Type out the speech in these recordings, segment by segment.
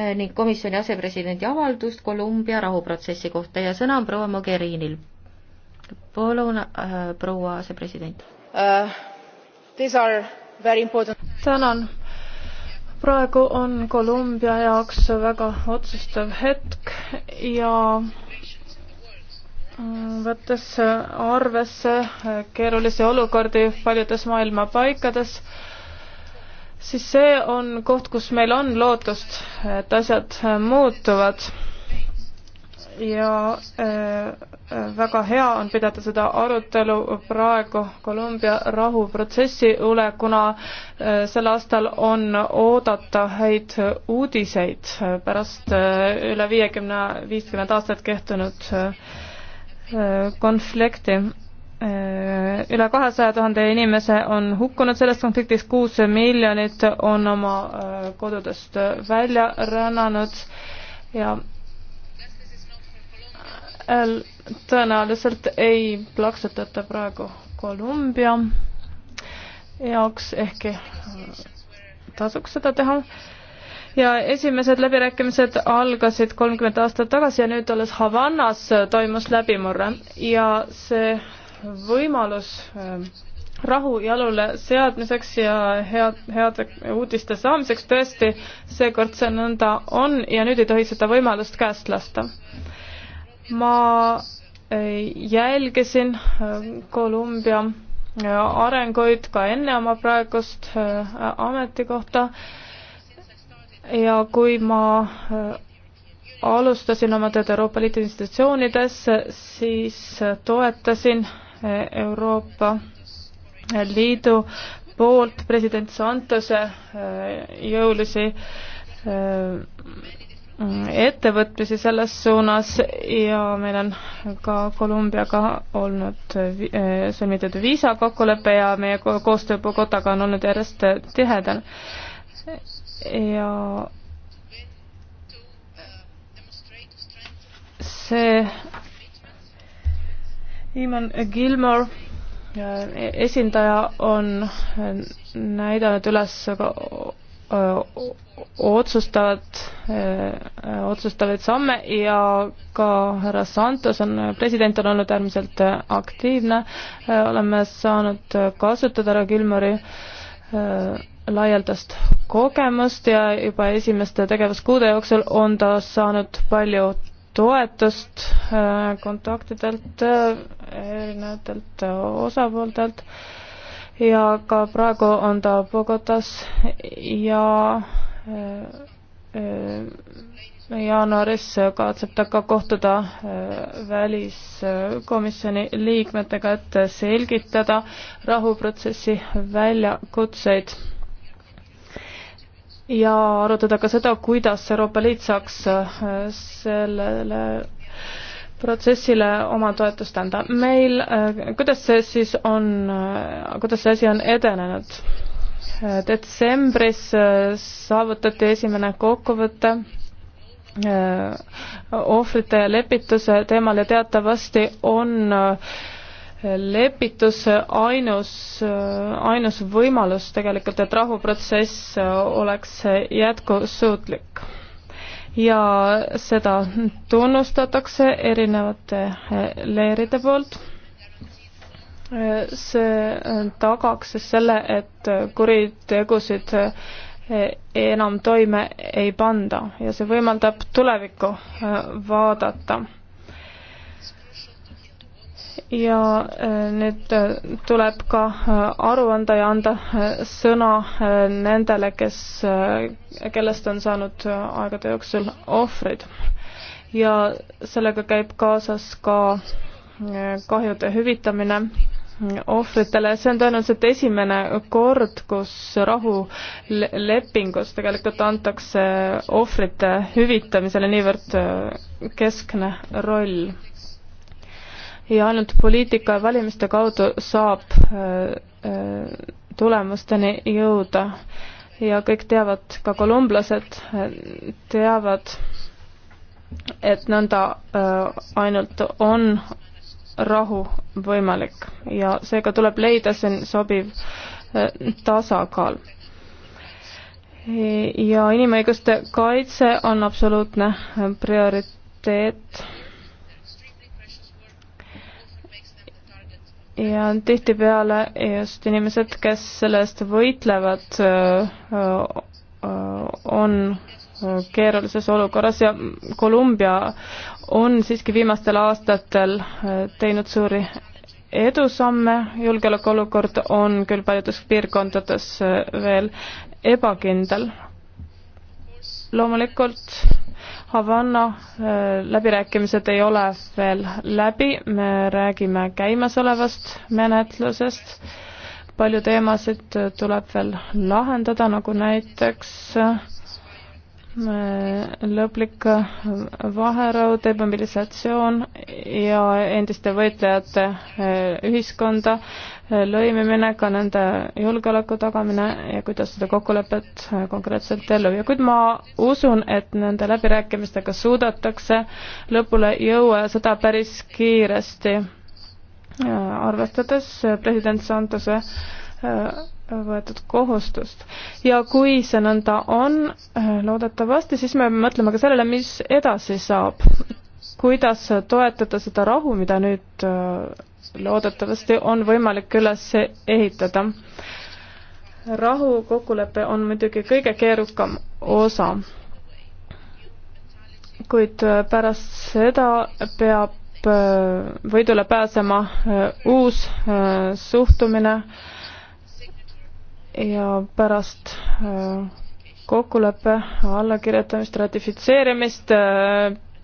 Äh, ning komisjoni asepresidendi avaldust Kolumbia rahuprotsessi kohta ja sõna on proua Mogherinil. palun äh,, proua asepresident uh,. tänan. praegu on Kolumbia jaoks väga otsustav hetk ja äh, võttes arvesse keerulisi olukordi paljudes maailma paikades, siis see on koht, kus meil on lootust, et asjad äh, muutuvad. ja äh, äh, väga hea on pidada seda arutelu praegu Kolumbia rahuprotsessi üle, kuna sel aastal on oodata häid uudiseid pärast üle viiekümne, viiskümmend aastat kehtinud konflikti Äh, üle kahesaja tuhande inimese on hukkunud selles konfliktis, kuus miljonit on oma äh, kodudest välja rännanud ja äh, tõenäoliselt ei plaksutata praegu Kolumbia jaoks, ehkki tasuks seda teha. ja esimesed läbirääkimised algasid kolmkümmend aastat tagasi ja nüüd alles Havannas toimus läbimurre ja see võimalus ähm, rahu jalule seadmiseks ja head, heade uudiste saamiseks, tõesti, seekord see nõnda on ja nüüd ei tohi seda võimalust käest lasta. ma äh, jälgisin ähm, Kolumbia äh, arenguid ka enne oma praegust äh, ametikohta ja kui ma alustasin oma tööd Euroopa Liidu institutsioonides, siis toetasin Euroopa Liidu poolt president Santose äh, jõulisi äh, ettevõtmisi selles suunas ja meil on ka Kolumbiaga olnud äh, sõlmitud viisakokkulepe ja meie koostöö Bogotaga on olnud järjest tihedam. ja see Iman Gilmore äh, esindaja on äh, näidanud üles ka äh, otsustavad, otsustavaid samme ja ka härra Santos on, president on olnud äärmiselt aktiivne, oleme saanud kasutada härra Kilmari laialdast kogemust ja juba esimeste tegevuskuude jooksul on ta saanud palju toetust äh, kontaktidelt, äh, erinevatelt äh, osapooltelt ja ka praegu on ta Bogotas ja jaanuaris kavatseb ta ka kohtuda väliskomisjoni liikmetega, et selgitada rahuprotsessi väljakutseid ja arutada ka seda, kuidas Euroopa Liit saaks äh, sellele protsessile oma toetust anda. meil, äh, kuidas see siis on, äh, kuidas see asi on edenenud? detsembris saavutati esimene kokkuvõte ohvrite ja lepituse teemal ja teatavasti on äh, lepitus ainus, ainus võimalus tegelikult, et rahuprotsess oleks jätkusuutlik. ja seda tunnustatakse erinevate leeride poolt see tagaks siis selle, et kuritegusid enam toime ei panda ja see võimaldab tulevikku vaadata ja äh, nüüd äh, tuleb ka äh, aru anda ja anda sõna nendele, kes, kellest on saanud aegade jooksul ohvrid. ja sellega käib kaasas ka kahjude hüvitamine ohvritele, see on tõenäoliselt esimene kord, kus rahulepingus tegelikult antakse ohvrite hüvitamisele niivõrd keskne roll ja ainult poliitika ja valimiste kaudu saab äh, äh, tulemusteni jõuda. ja kõik teavad, ka kolumblased äh, teavad, et nõnda ainult on rahu võimalik ja seega tuleb leida siin sobiv tasakaal. ja inimõiguste kaitse on absoluutne prioriteet ja tihtipeale just inimesed, kes selle eest võitlevad, äh, äh, on äh, keerulises olukorras ja Kolumbia on siiski viimastel aastatel teinud suuri edusamme, julgeolekuolukord on küll paljudes piirkondades veel ebakindel. loomulikult Havana äh, läbirääkimised ei ole veel läbi, me räägime käimasolevast menetlusest. palju teemasid tuleb veel lahendada, nagu näiteks äh, lõplik vaherahu, demobilisatsioon ja endiste võitlejate äh, ühiskonda lõimimine, ka nende julgeoleku tagamine ja kuidas seda kokkulepet äh, konkreetselt ellu viia, kuid ma usun, et nende läbirääkimistega suudetakse lõpule jõua ja seda päris kiiresti, äh, arvestades president Santose äh, võetud kohustust. ja kui see nõnda on, loodetavasti, siis me mõtleme ka sellele, mis edasi saab. kuidas toetada seda rahu, mida nüüd loodetavasti on võimalik üles ehitada. rahukokkulepe on muidugi kõige keerukam osa, kuid äh, pärast seda peab äh, võidule pääsema äh, uus suhtumine ja pärast kokkuleppe allakirjutamist, ratifitseerimist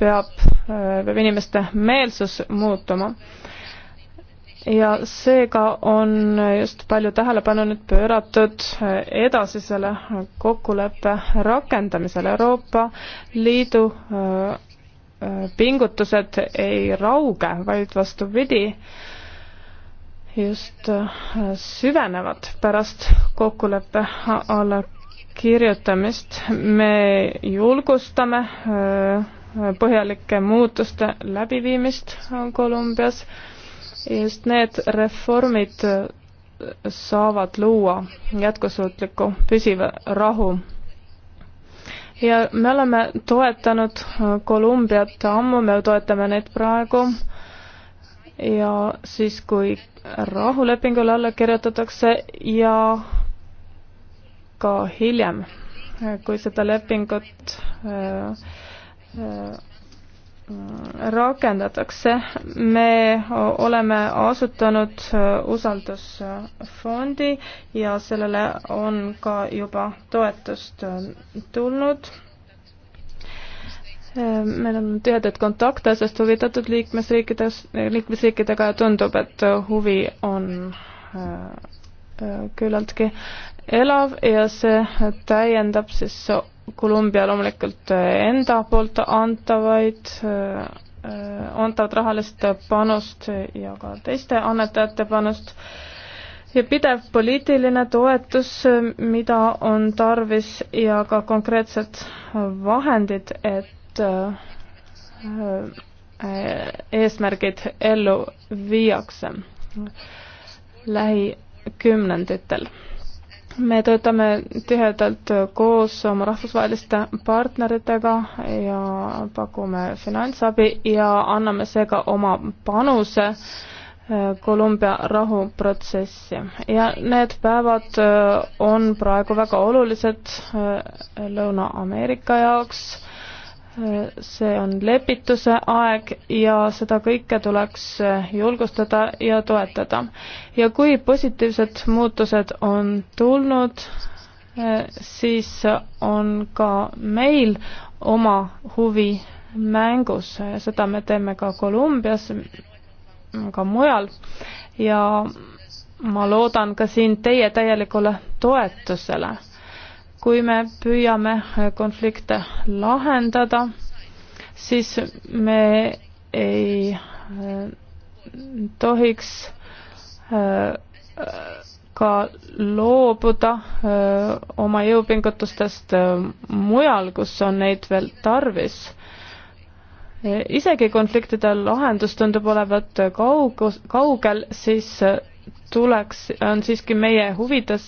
peab, peab inimeste meelsus muutuma ja seega on just palju tähelepanu nüüd pööratud äh, edasisele kokkuleppe rakendamisele. Euroopa Liidu äh, äh, pingutused ei rauge, vaid vastupidi, just süvenevad pärast kokkuleppe alla kirjutamist. me julgustame põhjalike muutuste läbiviimist Kolumbias just need reformid äh, saavad luua jätkusuutliku püsiva rahu. ja me oleme toetanud äh, Kolumbiat ammu, me toetame neid praegu ja siis, kui rahulepingule alla kirjutatakse ja ka hiljem, äh, kui seda lepingut äh, äh, rakendatakse. me oleme asutanud usaldusfondi ja sellele on ka juba toetust tulnud. meil on tihedad kontakte asjast huvitatud liikmesriikides, liikmesriikidega ja tundub, et huvi on küllaltki elav ja see täiendab siis Kolumbia loomulikult äh, enda poolt antavaid, äh, äh, antavat rahalist panust ja ka teiste annetajate panust ja pidev poliitiline toetus, mida on tarvis ja ka konkreetsed vahendid, et eesmärgid ellu viiakse lähikümnenditel me töötame tihedalt koos oma rahvusvaheliste partneritega ja pakume finantsabi ja anname seega oma panuse äh, Kolumbia rahuprotsessi ja need päevad äh, on praegu väga olulised äh, Lõuna-Ameerika jaoks see on lepituse aeg ja seda kõike tuleks julgustada ja toetada. ja kui positiivsed muutused on tulnud, siis on ka meil oma huvi mängus, seda me teeme ka Kolumbias, ka mujal ja ma loodan ka siin teie täielikule toetusele kui me püüame konflikte lahendada, siis me ei äh, tohiks äh, ka loobuda äh, oma jõupingutustest mujal, kus on neid veel tarvis. isegi konfliktide lahendus tundub olevat kaugus, kaugel, siis tuleks, on siiski meie huvides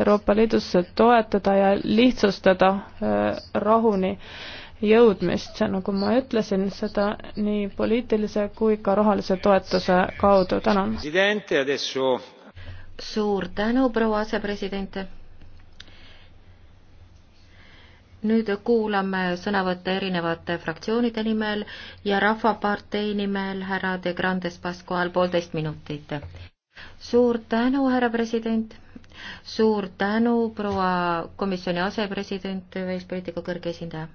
Euroopa Liidus toetada ja lihtsustada äh, rahuni jõudmist, nagu ma ütlesin, seda nii poliitilise kui ka rahalise toetuse kaudu, tänan. suur tänu, proua asepresident. nüüd kuulame sõnavõtte erinevate fraktsioonide nimel ja Rahvapartei nimel härra De Grandes Pascual poolteist minutit suur tänu, härra president, suur tänu, proua komisjoni asepresident, välispoliitika kõrge esindaja.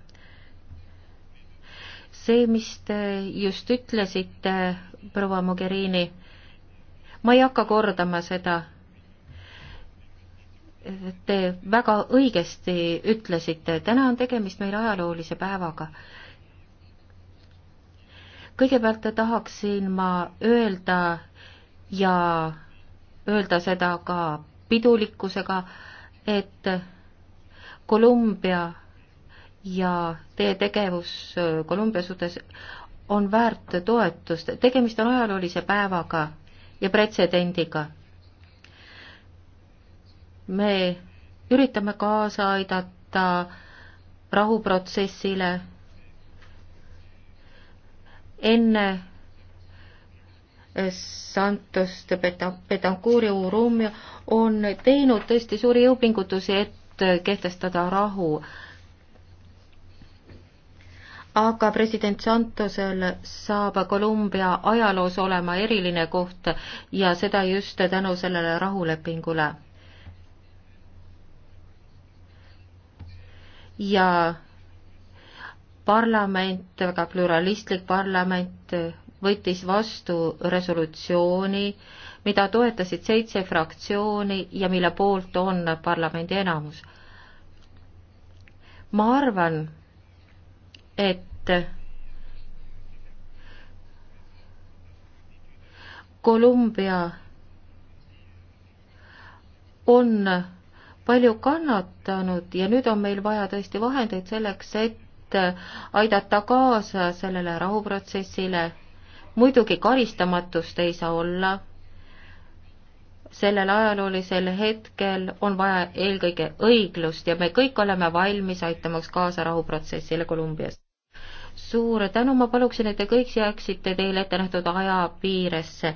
see, mis te just ütlesite, proua Mogherini, ma ei hakka kordama seda, te väga õigesti ütlesite, täna on tegemist meil ajaloolise päevaga. kõigepealt tahaksin ma öelda ja öelda seda ka pidulikkusega, et Kolumbia ja teie tegevus Kolumbia suhtes on väärt toetust, tegemist on ajaloolise päevaga ja pretsedendiga. me üritame kaasa aidata rahuprotsessile enne Santos de Betancuri Urumio on teinud tõesti suuri jõupingutusi, et kehtestada rahu. aga president Santosel saab Kolumbia ajaloos olema eriline koht ja seda just tänu sellele rahulepingule. ja parlament, väga pluralistlik parlament võttis vastu resolutsiooni, mida toetasid seitse fraktsiooni ja mille poolt on parlamendi enamus. ma arvan, et Kolumbia on palju kannatanud ja nüüd on meil vaja tõesti vahendeid selleks, et aidata kaasa sellele rahuprotsessile muidugi karistamatust ei saa olla, sellel ajaloolisel hetkel on vaja eelkõige õiglust ja me kõik oleme valmis aitamaks kaasa rahuprotsessile Kolumbias. suur tänu, ma paluksin, et te kõik jääksite teile ette nähtud aja piiresse.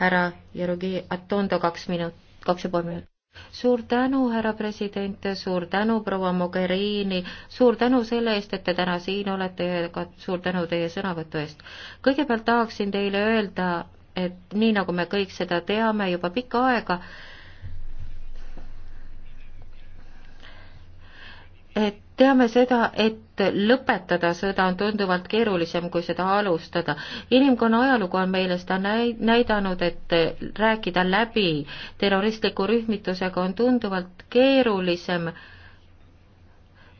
härra Jerugi Atondo, kaks minut, kaks ja pool minutit suur tänu, härra president, suur tänu, proua Mogherini, suur tänu selle eest, et te täna siin olete ja ka suur tänu teie sõnavõtu eest. kõigepealt tahaksin teile öelda, et nii nagu me kõik seda teame juba pikka aega, et teame seda, et lõpetada sõda on tunduvalt keerulisem, kui seda alustada. inimkonna ajalugu on meile seda näidanud, et rääkida läbi terroristliku rühmitusega on tunduvalt keerulisem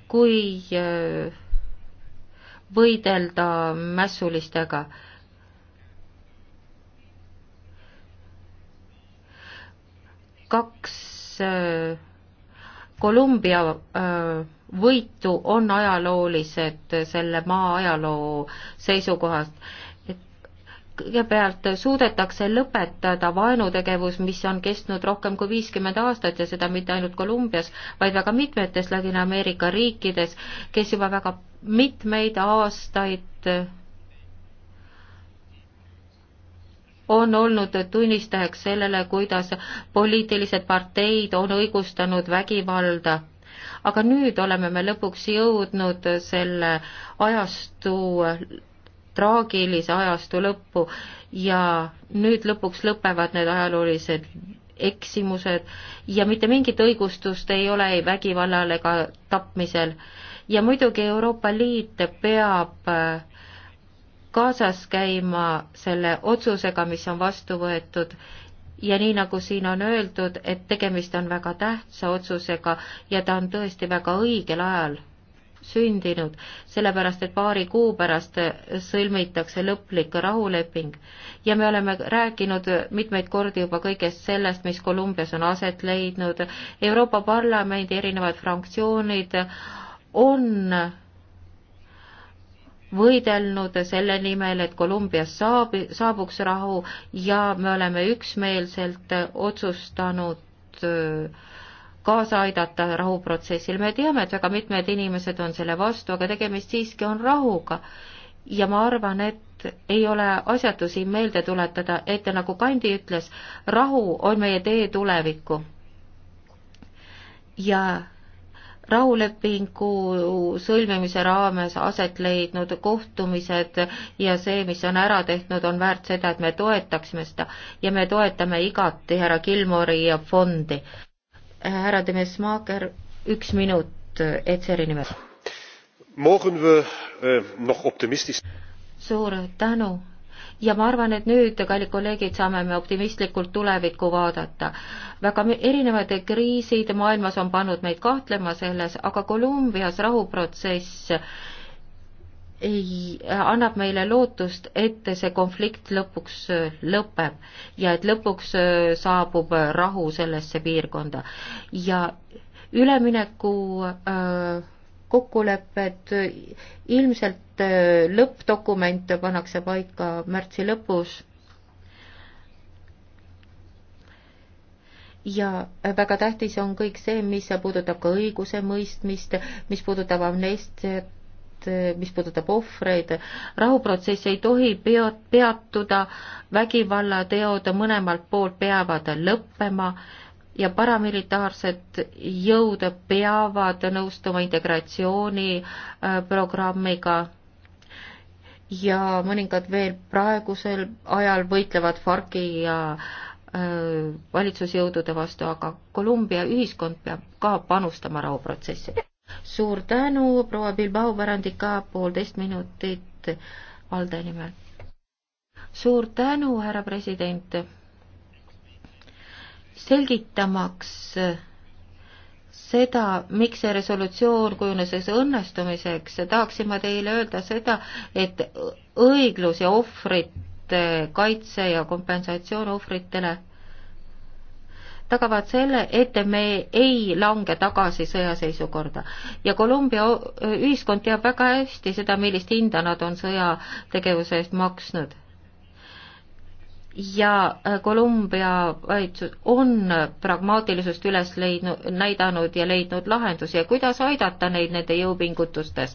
kui äh, võidelda mässulistega kaks äh, Kolumbia äh, võitu on ajaloolised selle maa ajaloo seisukohast. et kõigepealt suudetakse lõpetada vaenutegevus, mis on kestnud rohkem kui viiskümmend aastat ja seda mitte ainult Kolumbias, vaid väga mitmetes Ladina-Ameerika riikides, kes juba väga mitmeid aastaid on olnud tunnistajaks sellele, kuidas poliitilised parteid on õigustanud vägivalda aga nüüd oleme me lõpuks jõudnud selle ajastu traagilise ajastu lõppu ja nüüd lõpuks lõpevad need ajaloolised eksimused ja mitte mingit õigustust ei ole ei vägivallal ega tapmisel. ja muidugi Euroopa Liit peab äh, kaasas käima selle otsusega, mis on vastu võetud ja nii, nagu siin on öeldud, et tegemist on väga tähtsa otsusega ja ta on tõesti väga õigel ajal sündinud, sellepärast et paari kuu pärast sõlmitakse lõplik rahuleping ja me oleme rääkinud mitmeid kordi juba kõigest sellest, mis Kolumbias on aset leidnud. Euroopa Parlamendi erinevad fraktsioonid on võidelnud selle nimel, et Kolumbias saab, saabuks rahu ja me oleme üksmeelselt otsustanud äh, kaasa aidata rahuprotsessil. me teame, et väga mitmed inimesed on selle vastu, aga tegemist siiski on rahuga. ja ma arvan, et ei ole asjatu siin meelde tuletada, et nagu Kandi ütles, rahu on meie tee tulevikku. ja rahulepingu sõlmimise raames aset leidnud kohtumised ja see, mis on ära tehtud, on väärt seda, et me toetaksime seda ja me toetame igati härra Kilmori fondi. härra Demesmaaker, üks minut ETSER-i nimel. Mogen we eh, nog optimistisch? suur tänu ja ma arvan, et nüüd, kallid kolleegid, saame me optimistlikult tulevikku vaadata. väga erinevad kriisid maailmas on pannud meid kahtlema selles, aga Kolumbias rahuprotsess ei, annab meile lootust, et see konflikt lõpuks lõpeb ja et lõpuks saabub rahu sellesse piirkonda. ja ülemineku öö, äh, kokkulepped, ilmselt äh, lõppdokument pannakse paika märtsi lõpus. ja väga tähtis on kõik see, mis puudutab ka õigusemõistmist, mis puudutab amnestiat, mis puudutab ohvreid, rahuprotsess ei tohi peo-, peatuda, vägivallateod mõlemalt poolt peavad lõppema ja paramilitaarsed jõud peavad nõustuma integratsiooniprogrammiga äh, ja mõningad veel praegusel ajal võitlevad FARC-i ja öö, äh, valitsusjõudude vastu, aga Kolumbia ühiskond peab ka panustama rahuprotsessi. suur tänu, proua Bilbao Pärandika, poolteist minutit Alde nimel. suur tänu, härra president selgitamaks seda, miks see resolutsioon kujunes õnnestumiseks, tahaksin ma teile öelda seda, et õiglus ja ohvrite kaitse ja kompensatsioon ohvritele tagavad selle, et me ei lange tagasi sõjaseisukorda. ja Kolumbia ühiskond teab väga hästi seda, millist hinda nad on sõjategevuse eest maksnud ja äh, Kolumbia valitsus on pragmaatilisust üles leidnud, näidanud ja leidnud lahendusi ja kuidas aidata neid nende jõupingutustes.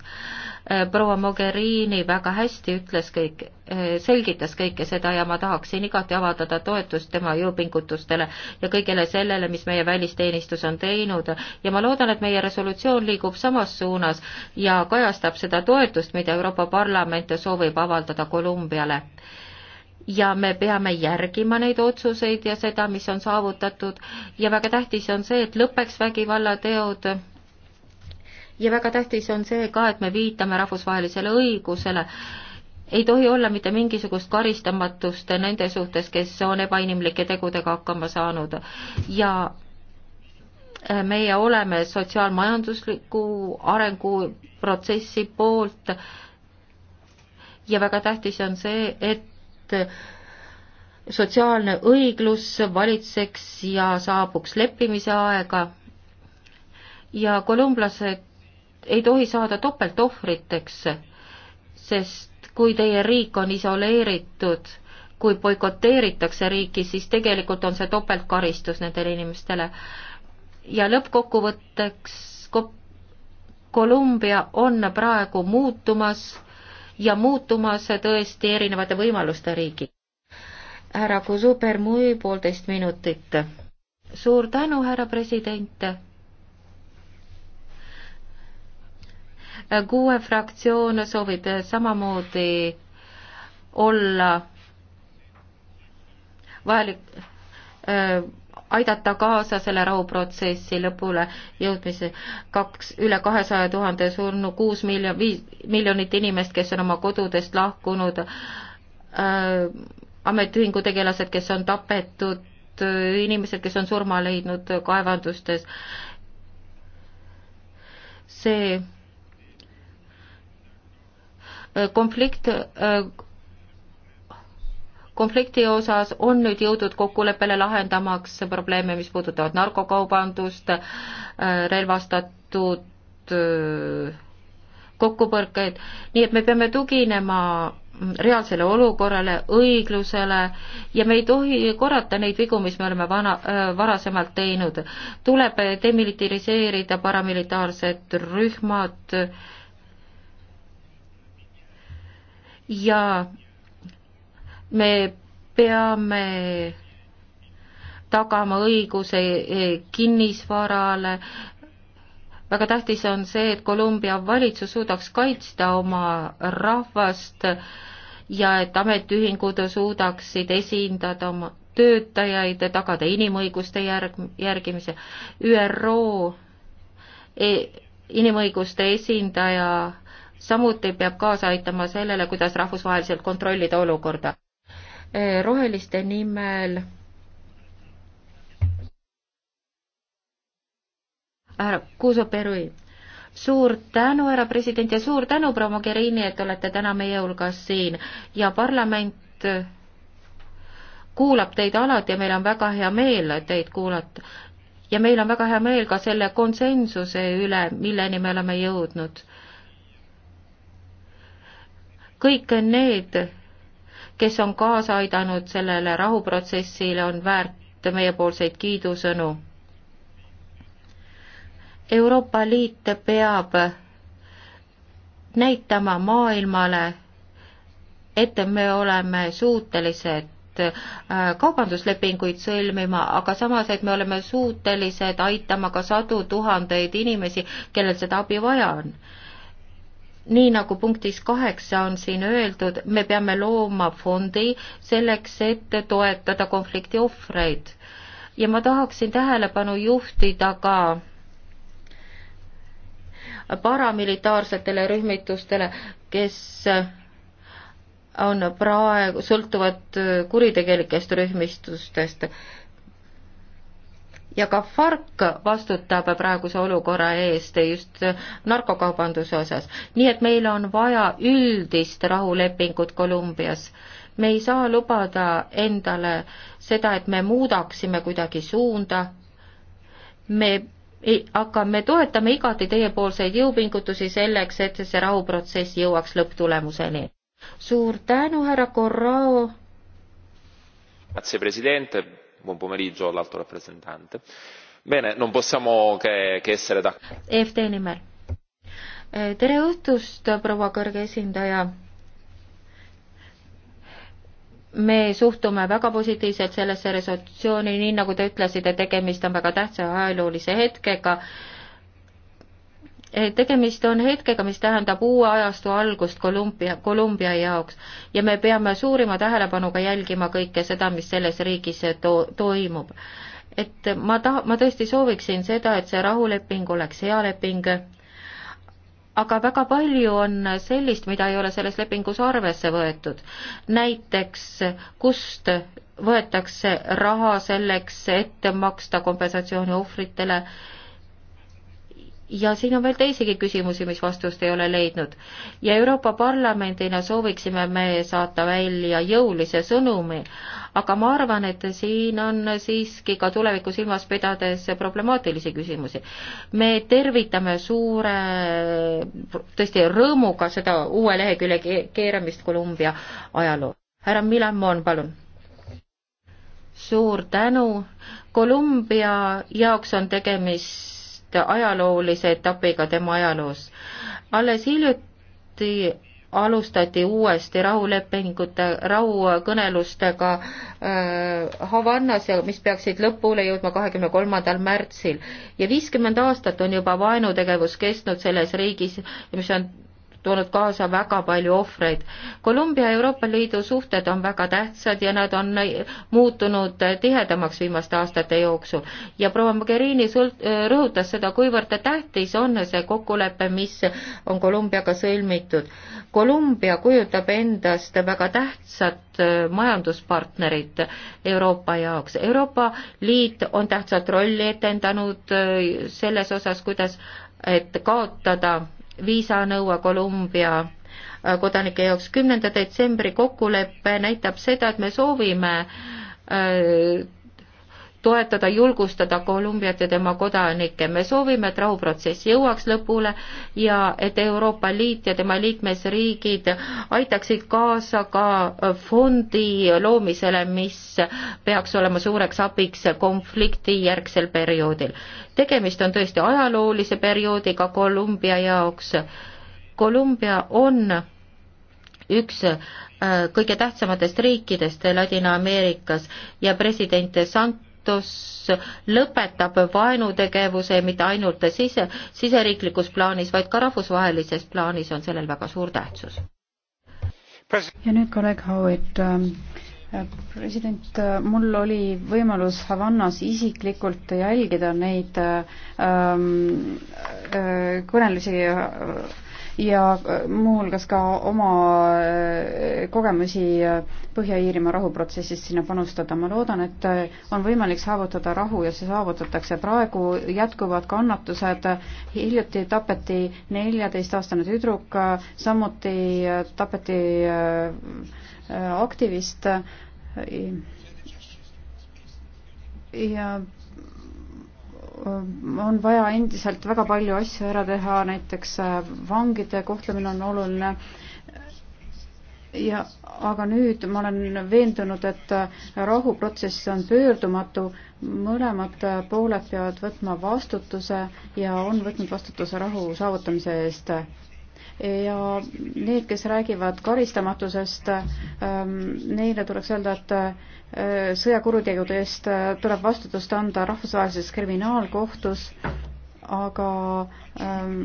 Äh, proua Mogherini väga hästi ütles kõik, äh, selgitas kõike seda ja ma tahaksin igati avaldada toetust tema jõupingutustele ja kõigele sellele, mis meie välisteenistus on teinud ja ma loodan, et meie resolutsioon liigub samas suunas ja kajastab seda toetust, mida Euroopa Parlament soovib avaldada Kolumbiale ja me peame järgima neid otsuseid ja seda, mis on saavutatud ja väga tähtis on see, et lõpeks vägivallateod ja väga tähtis on see ka, et me viitame rahvusvahelisele õigusele. ei tohi olla mitte mingisugust karistamatust nende suhtes, kes on ebainimlike tegudega hakkama saanud ja äh, meie oleme sotsiaalmajandusliku arenguprotsessi poolt ja väga tähtis on see, et et sotsiaalne õiglus valitseks ja saabuks leppimise aega ja kolumblased ei tohi saada topeltohvriteks, sest kui teie riik on isoleeritud, kui boikoteeritakse riiki, siis tegelikult on see topeltkaristus nendele inimestele. ja lõppkokkuvõtteks Kolumbia on praegu muutumas ja muutumas tõesti erinevate võimaluste riigi. härra Kuzuber, mui poolteist minutit. suur tänu, härra president. kuue fraktsioon soovib samamoodi olla vajalik öö, aidata kaasa selle rahuprotsessi lõpule jõudmise. kaks, üle kahesaja tuhande surnu, kuus miljon, viis miljonit inimest, kes on oma kodudest lahkunud äh,, ametiühingu tegelased, kes on tapetud äh,, inimesed, kes on surma leidnud kaevandustes. see äh, konflikt äh, konflikti osas on nüüd jõudnud kokkuleppele lahendamaks probleeme, mis puudutavad narkokaubandust, äh, relvastatud äh, kokkupõrkeid, nii et me peame tuginema reaalsele olukorrale, õiglusele ja me ei tohi korrata neid vigu, mis me oleme vana äh,, varasemalt teinud. tuleb demilitariseerida paramilitaarsed rühmad ja me peame tagama õiguse eh, kinnisvarale, väga tähtis on see, et Kolumbia valitsus suudaks kaitsta oma rahvast ja et ametiühingud suudaksid esindada oma töötajaid, tagada inimõiguste järg, järgimise. ÜRO e, inimõiguste esindaja samuti peab kaasa aitama sellele, kuidas rahvusvaheliselt kontrollida olukorda. Äh, roheliste nimel härra Kuuso Perui. suur tänu, härra president, ja suur tänu, proua Mogherini, et olete täna meie hulgas siin ja parlament kuulab teid alati ja meil on väga hea meel teid kuulata. ja meil on väga hea meel ka selle konsensuse üle, milleni me oleme jõudnud. kõik need kes on kaasa aidanud sellele rahuprotsessile, on väärt meiepoolseid kiidusõnu. Euroopa Liit peab näitama maailmale, et me oleme suutelised äh, kaubanduslepinguid sõlmima, aga samas, et me oleme suutelised aitama ka sadu tuhandeid inimesi, kellel seda abi vaja on nii nagu punktis kaheksa on siin öeldud, me peame looma fondi selleks, et toetada konflikti ohvreid. ja ma tahaksin tähelepanu juhtida ka paramilitaarsetele rühmitustele, kes on praegu, sõltuvad kuritegelikest rühmistustest ja ka FARC vastutab praeguse olukorra eest just narkokaubanduse osas. nii et meil on vaja üldist rahulepingut Kolumbias. me ei saa lubada endale seda, et me muudaksime kuidagi suunda, me ei, aga me toetame igati teiepoolseid jõupingutusi selleks, et see rahuprotsess jõuaks lõpptulemuseni. suur tänu, härra Corrao! Grazie Presidente, buon pomeriggio all'alto rappresentante. Bene, non possiamo che, che essere d'accordo. EFT nimel. E, tere õhtust, proua kõrge esindaja me suhtume väga positiivselt sellesse resolutsiooni, nii nagu te ütlesite, tegemist on väga tähtsa ajaloolise hetkega Eh, tegemist on hetkega, mis tähendab uue ajastu algust Kolumbia, Kolumbia jaoks ja me peame suurima tähelepanuga jälgima kõike seda, mis selles riigis eh, to-, toimub. et ma taha, ma tõesti sooviksin seda, et see rahuleping oleks hea leping, aga väga palju on sellist, mida ei ole selles lepingus arvesse võetud. näiteks, kust võetakse raha selleks, et maksta kompensatsiooni ohvritele äh, ja siin on veel teisigi küsimusi, mis vastust ei ole leidnud. ja Euroopa Parlamendina sooviksime me saata välja jõulise sõnumi, aga ma arvan, et siin on siiski ka tulevikku silmas pidades problemaatilisi küsimusi. me tervitame suure, tõesti rõõmuga seda uue lehekülje keeramist Kolumbia ajaloo. härra Milan Moon, palun suur tänu. Kolumbia jaoks on tegemist tegemist ajaloolise etapiga tema ajaloos. alles hiljuti alustati uuesti rahulepingute, rahukõnelustega äh, Havannas ja mis peaksid lõpule jõudma kahekümne kolmandal märtsil. ja viiskümmend aastat on juba vaenutegevus kestnud selles riigis, mis on toonud kaasa väga palju ohvreid. Kolumbia ja Euroopa Liidu suhted on väga tähtsad ja nad on muutunud tihedamaks viimaste aastate jooksul ja proua Mogherini sõlt-, rõhutas seda, kuivõrd tähtis on see kokkulepe, mis on Kolumbiaga sõlmitud. Kolumbia kujutab endast väga tähtsat äh, majanduspartnerit Euroopa jaoks. Euroopa Liit on tähtsat rolli etendanud äh, selles osas, kuidas et kaotada viisanõue Kolumbia äh, kodanike jaoks. kümnenda detsembri kokkulepe näitab seda, et me soovime äh, toetada, julgustada Kolumbiat ja tema kodanikke. me soovime, et rahuprotsess jõuaks lõpule ja et Euroopa Liit ja tema liikmesriigid aitaksid kaasa ka fondi loomisele, mis peaks olema suureks abiks konflikti järgsel perioodil. tegemist on tõesti ajaloolise perioodiga Kolumbia jaoks. Kolumbia on üks äh, kõige tähtsamatest riikidest Ladina-Ameerikas ja president Sant Liidus lõpetab vaenutegevuse mitte ainult sise, siseriiklikus plaanis, vaid ka rahvusvahelises plaanis on sellel väga suur tähtsus. ja nüüd kolleeg Howitt ähm, president, äh, mul oli võimalus Havannas isiklikult jälgida neid ähm, äh, kõnelusi äh, ja äh, muuhulgas ka oma äh, kogemusi äh, Põhja-Iirimaa rahuprotsessist sinna panustada. ma loodan, et on võimalik saavutada rahu ja see saavutatakse. praegu jätkuvad kannatused, hiljuti tapeti neljateistaastane tüdruk, samuti tapeti aktivist ja on vaja endiselt väga palju asju ära teha, näiteks äh, vangide kohtlemine on oluline. ja, aga nüüd ma olen veendunud, et äh, rahuprotsess on pöördumatu, mõlemad äh, pooled peavad võtma vastutuse ja on võtnud vastutuse rahu saavutamise eest ja need, kes räägivad karistamatusest, ähm, neile tuleks öelda, et äh, sõjakuritegude eest äh, tuleb vastutust anda rahvusvahelises kriminaalkohtus, aga ähm,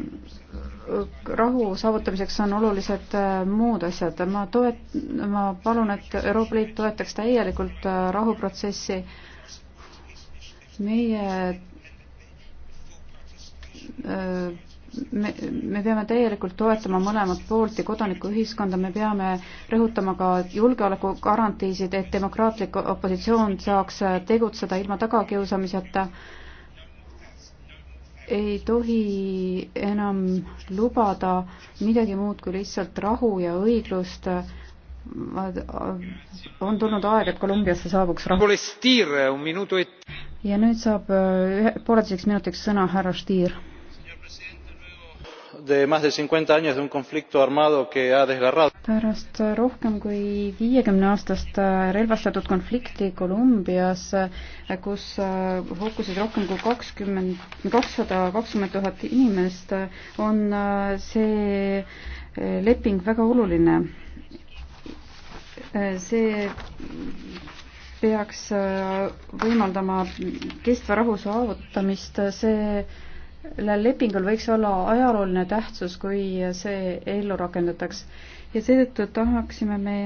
rahu saavutamiseks on olulised äh, muud asjad. ma toet-, ma palun, et Euroopa Liit toetaks täielikult rahuprotsessi. meie öö, me, me peame täielikult toetama mõlemat poolt ja kodanikuühiskonda, me peame rõhutama ka julgeolekugarantiisid, et demokraatlik opositsioon saaks tegutseda ilma tagakiusamiseta. ei tohi enam lubada midagi muud kui lihtsalt rahu ja õiglust. on tulnud aeg, et Kolumbiasse saabuks rahu. ja nüüd saab ühe, pooleteiseks minutiks sõna härra Stier de más de 50 años de un conflicto armado que ha desgarrado. pärast rohkem kui viiekümne aastast relvastatud konflikti Kolumbias, kus hukkusid rohkem kui kakskümmend, kakssada kakskümmend tuhat inimest, on see leping väga oluline. see peaks võimaldama kestva rahu saavutamist, see lepingul võiks olla ajalooline tähtsus, kui see ellu rakendataks ja seetõttu tahaksime me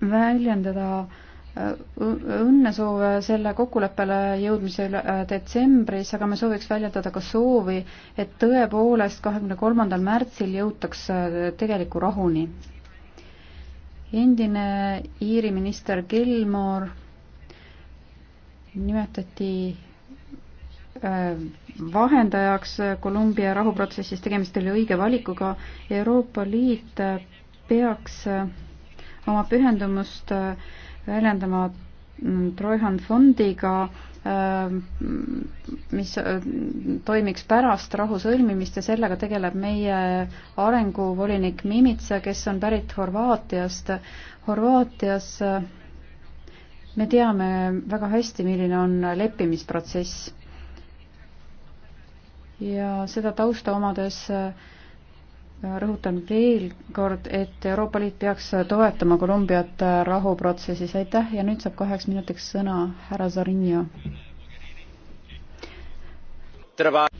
väljendada äh, õnnesoove selle kokkuleppele jõudmise üle äh, detsembris, aga me sooviks väljendada ka soovi, et tõepoolest kahekümne kolmandal märtsil jõutaks äh, tegeliku rahuni. endine Iiri minister Gilmore nimetati Äh, vahendajaks Kolumbia rahuprotsessis, tegemist oli õige valikuga. Euroopa Liit äh, peaks äh, oma pühendumust väljendama mm, Troihan fondiga, mis toimiks pärast rahu sõlmimist ja sellega tegeleb meie arenguvolinik Mimitsa, kes on pärit Horvaatiast. Horvaatias me teame väga hästi, milline on leppimisprotsess ja seda tausta omades äh, rõhutan veel kord, et Euroopa Liit peaks toetama Kolumbiat äh, rahuprotsessis, aitäh ja nüüd saab kaheks minutiks sõna härra Zorinio.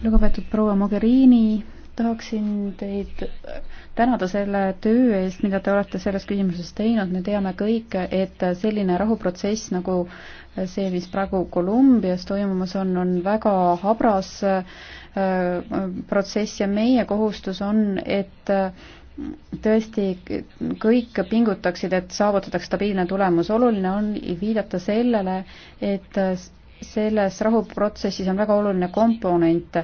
lugupeetud proua Mogherini, tahaksin teid äh, tänada selle töö eest, mida te olete selles küsimuses teinud, me teame kõik, et selline rahuprotsess nagu see, mis praegu Kolumbias toimumas on, on väga habras äh, protsess ja meie kohustus on, et äh, tõesti kõik pingutaksid, et saavutataks stabiilne tulemus. oluline on viidata sellele, et selles rahuprotsessis on väga oluline komponent,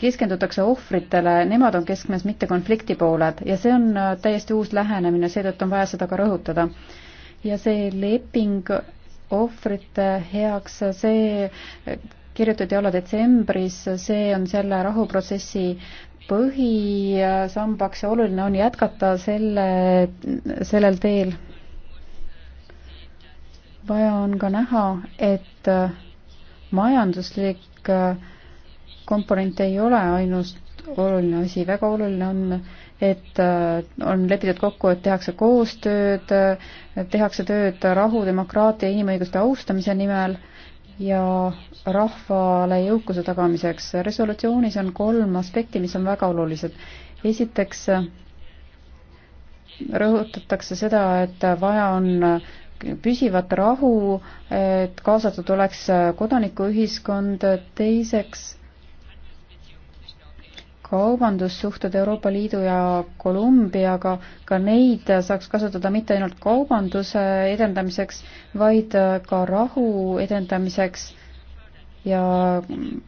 keskendutakse ohvritele, nemad on keskmes, mitte konfliktipooled ja see on äh, täiesti uus lähenemine, seetõttu on vaja seda ka rõhutada. ja see leping ohvrite heaks, see kirjutati alla detsembris, see on selle rahuprotsessi põhisambaks ja oluline on jätkata selle, sellel teel vaja on ka näha, et äh, majanduslik äh, komponent ei ole ainus oluline asi, väga oluline on, et äh, on lepitud kokku, et tehakse koostööd, tehakse tööd rahu, demokraatia, inimõiguste austamise nimel ja rahvale jõukuse tagamiseks. resolutsioonis on kolm aspekti, mis on väga olulised. esiteks rõhutatakse seda, et vaja on püsivat rahu, et kaasatud oleks kodanikuühiskond, teiseks kaubandussuhted Euroopa Liidu ja Kolumbiaga, ka neid saaks kasutada mitte ainult kaubanduse edendamiseks, vaid ka rahu edendamiseks ja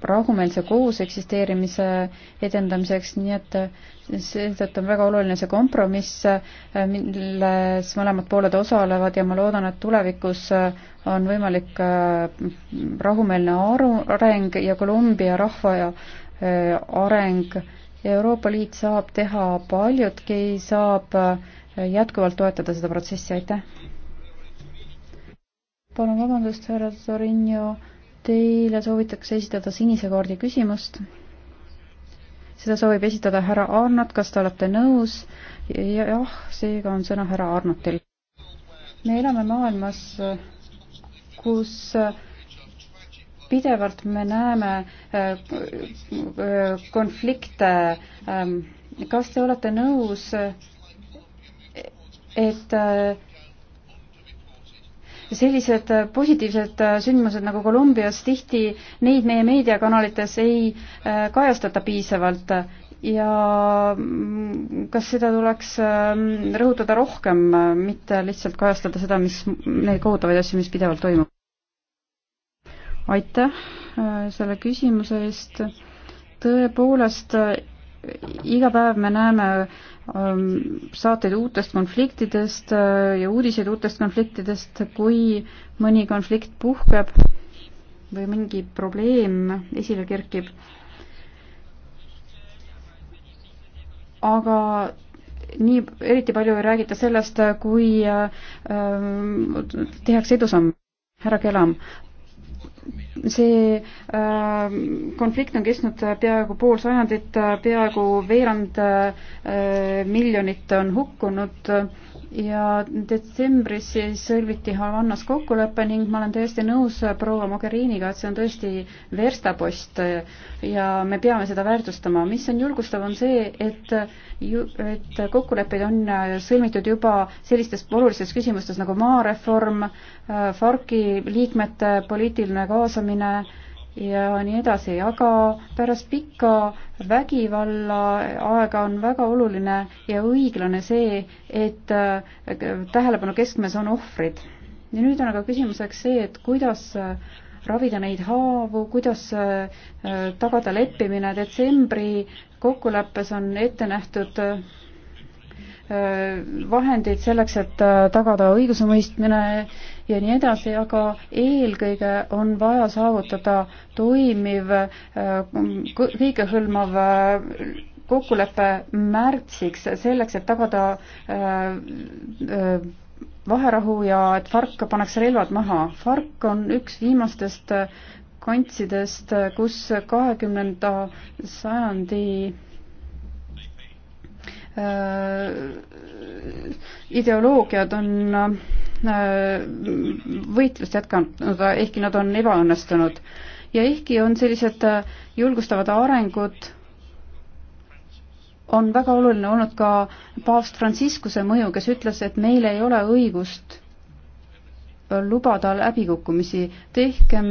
rahumeelse kooseksisteerimise edendamiseks, nii et seetõttu on väga oluline see kompromiss, milles mõlemad pooled osalevad ja ma loodan, et tulevikus on võimalik äh, rahumeelne aru, areng ja Kolumbia rahva ja äh, areng. Euroopa Liit saab teha paljutki, saab äh, jätkuvalt toetada seda protsessi, aitäh! palun vabandust, härra Zorinjo Teile soovitakse esitada sinise kaardi küsimust. seda soovib esitada härra Arnot, kas te olete nõus? jah, seega on sõna härra Arnotil. me elame maailmas, kus pidevalt me näeme äh, konflikte. Ähm, kas te olete nõus, et äh, sellised positiivsed sündmused nagu Kolumbias tihti, neid meie meediakanalites ei äh, kajastata piisavalt ja mm, kas seda tuleks ähm, rõhutada rohkem, mitte lihtsalt kajastada seda, mis, neid kohutavaid asju, mis pidevalt toimub? aitäh äh, selle küsimuse eest, tõepoolest iga päev me näeme ähm, saateid uutest konfliktidest äh, ja uudiseid uutest konfliktidest, kui mõni konflikt puhkeb või mingi probleem esile kerkib. aga nii eriti palju ei räägita sellest, kui äh, ähm, tehakse edusamm. härra Kelam, see äh, konflikt on kestnud äh, peaaegu pool sajandit, äh, peaaegu veerand äh, miljonit on hukkunud äh, ja detsembris siis sõlmiti Havannas kokkulepe ning ma olen täiesti nõus proua Mogheriniga, et see on tõesti verstapost ja me peame seda väärtustama. mis on julgustav, on see, et ju, et kokkuleppeid on sõlmitud juba sellistes olulistes küsimustes nagu maareform, FARC-i liikmete poliitiline kaasamine, ja nii edasi, aga pärast pikka vägivalla aega on väga oluline ja õiglane see, et äh, tähelepanu keskmes on ohvrid. ja nüüd on aga küsimuseks see, et kuidas äh, ravida neid haavu, kuidas äh, tagada leppimine, detsembri kokkuleppes on ette nähtud Äh, vahendeid selleks, et äh, tagada õigusemõistmine ja nii edasi, aga eelkõige on vaja saavutada toimiv, äh, kõigehõlmav kokkulepe märtsiks, selleks, et tagada vaherahu ja et FARC paneks relvad maha. FARC on üks viimastest kantsidest, kus kahekümnenda sajandi Äh, ideoloogiad on äh, võitlust jätkanud, ehkki nad on ebaõnnestunud. ja ehkki on sellised äh, julgustavad arengud, on väga oluline olnud ka paavst Franciscuse mõju, kes ütles, et meil ei ole õigust lubada läbikukkumisi, tehkem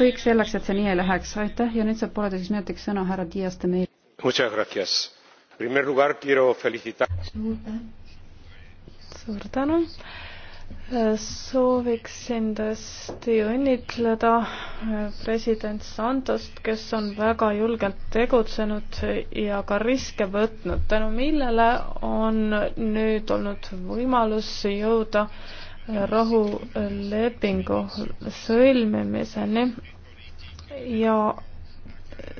kõik selleks, et see nii ei läheks. aitäh ja nüüd saab pooleteiseks minutiks sõna härra Dias de Meil. Muchas gracias primer lugar quiero felicitar. suur tänu. sooviksin tõesti õnnitleda äh, president Santost, kes on väga julgelt tegutsenud ja ka riske võtnud, tänu millele on nüüd olnud võimalus jõuda äh, rahulepingu sõlmimiseni ja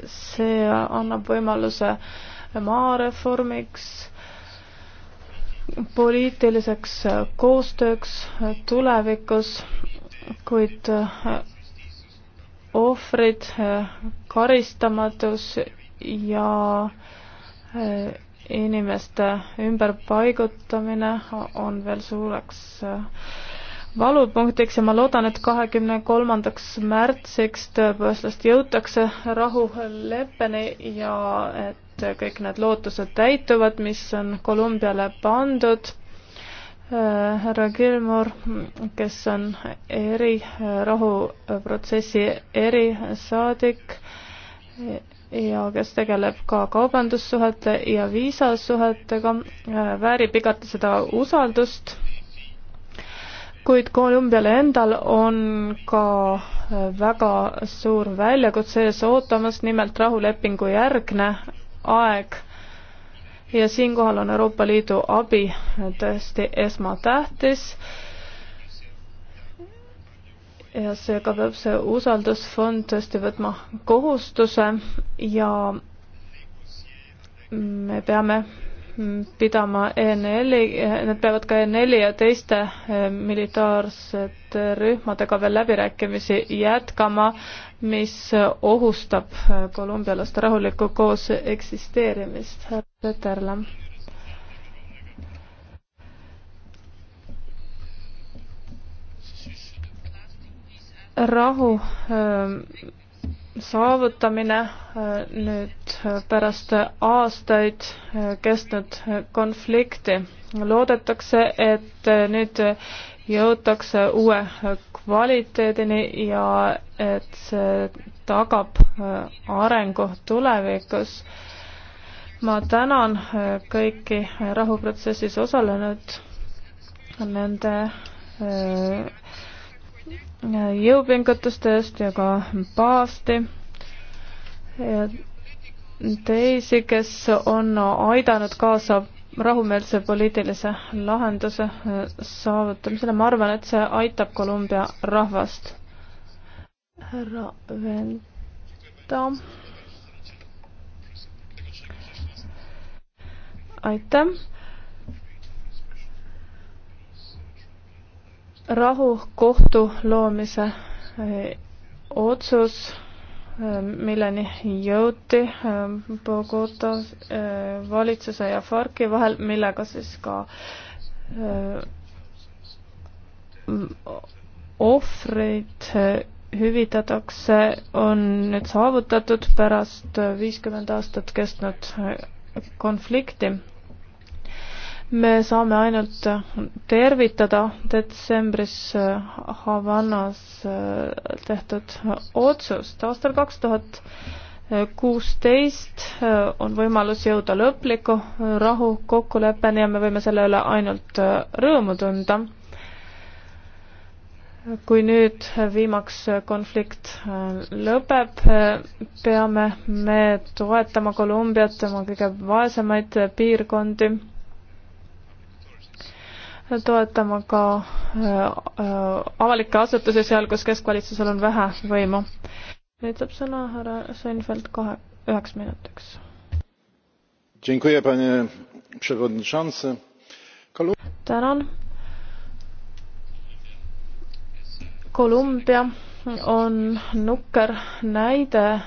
see annab võimaluse äh, maareformiks, poliitiliseks koostööks tulevikus, kuid ohvrid, karistamatus ja inimeste ümberpaigutamine on veel suureks valupunktiks ja ma loodan, et kahekümne kolmandaks märtsiks tõepoolest jõutakse rahuleppeni ja et et kõik need lootused täituvad, mis on Kolumbiale pandud. Äh, härra Gilmour, kes on eri, äh, rahuprotsessi erisaadik ja kes tegeleb ka kaubandussuhete ja viisasuhetega, äh, väärib igati seda usaldust kuid Kolumbial endal on ka väga suur väljakutse ees ootamas, nimelt rahulepingu järgne aeg ja siinkohal on Euroopa Liidu abi tõesti esmatähtis. ja seega peab see usaldusfond tõesti võtma kohustuse ja me peame pidama ENL-i, need peavad ka ENL-i ja teiste eh, militaarsete rühmadega veel läbirääkimisi jätkama mis ohustab kolumbialaste rahulikku koos eksisteerimist. härra Peterle. rahu ähm, saavutamine äh, nüüd pärast aastaid äh, kestnud konflikti. loodetakse, et äh, nüüd jõutakse uue kvaliteedini ja et see tagab äh, arengu tulevikus. ma tänan äh, kõiki rahuprotsessis osalenud nende äh, jõupingutuste eest ja ka paavsti ja teisi, kes on aidanud kaasa rahumeelse poliitilise lahenduse äh, saavutamisele, ma arvan, et see aitab Kolumbia rahvast. härra Venta. aitäh. rahukohtu loomise äh, otsus milleni jõuti äh, Bogota äh, valitsuse ja FARC-i vahel, millega siis ka äh, ohvreid hüvitatakse, on nüüd saavutatud pärast viiskümmend aastat kestnud konflikti me saame ainult tervitada detsembris äh, Havannas äh, tehtud otsust. aastal kaks tuhat kuusteist äh, on võimalus jõuda lõpliku rahu kokkuleppeni ja me võime selle üle ainult rõõmu tunda. kui nüüd viimaks konflikt lõpeb, peame me toetama Kolumbiat, tema kõige vaesemaid piirkondi toetama ka äh, äh, avalikke asutusi seal, kus keskvalitsusel on vähe võimu. nüüd saab sõna härra Seinfeld kahe, üheks minutiks. tänan. Kolumbia on nukker näide